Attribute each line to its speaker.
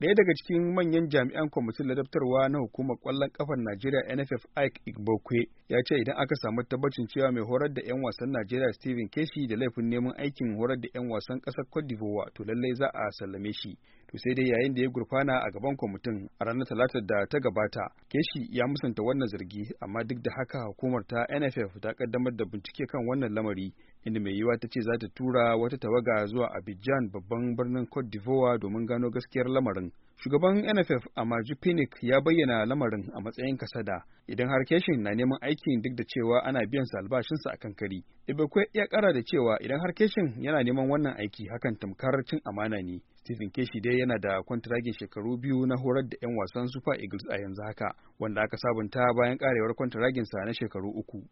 Speaker 1: daya daga cikin manyan jami'an kwamitin ladabtarwa na hukumar kwallon kafar Najeriya NFF Ike Igbokwe ya ce idan aka samu tabbacin cewa mai horar da 'yan wasan Najeriya Stephen Keshi da laifin neman aikin horar da 'yan wasan ƙasar Cote to lallai za a sallame shi. to sai dai yayin da ya gurfana a gaban kwamitin a ranar talatar da ta gabata keshi ya musanta wannan zargi amma duk da haka hukumar ta nff ta kaddamar da bincike kan wannan lamari inda mai yiwuwa ta ce za ta tura wata tawaga zuwa abidjan babban birnin cote d'ivoire domin gano gaskiyar lamarin shugaban nff amaju pinnick ya bayyana lamarin a matsayin kasada idan har keshin na neman aikin duk da cewa ana biyan sa albashinsa a kan kari ibekwe ya kara da cewa idan har keshin yana neman wannan aiki hakan tamkar cin amana ne Stephen Keshi dai yana da kwantiragin shekaru biyu na horar da 'yan wasan Super Eagles a yanzu haka, wanda aka sabunta bayan
Speaker 2: karewar kwantiraginsa na shekaru uku.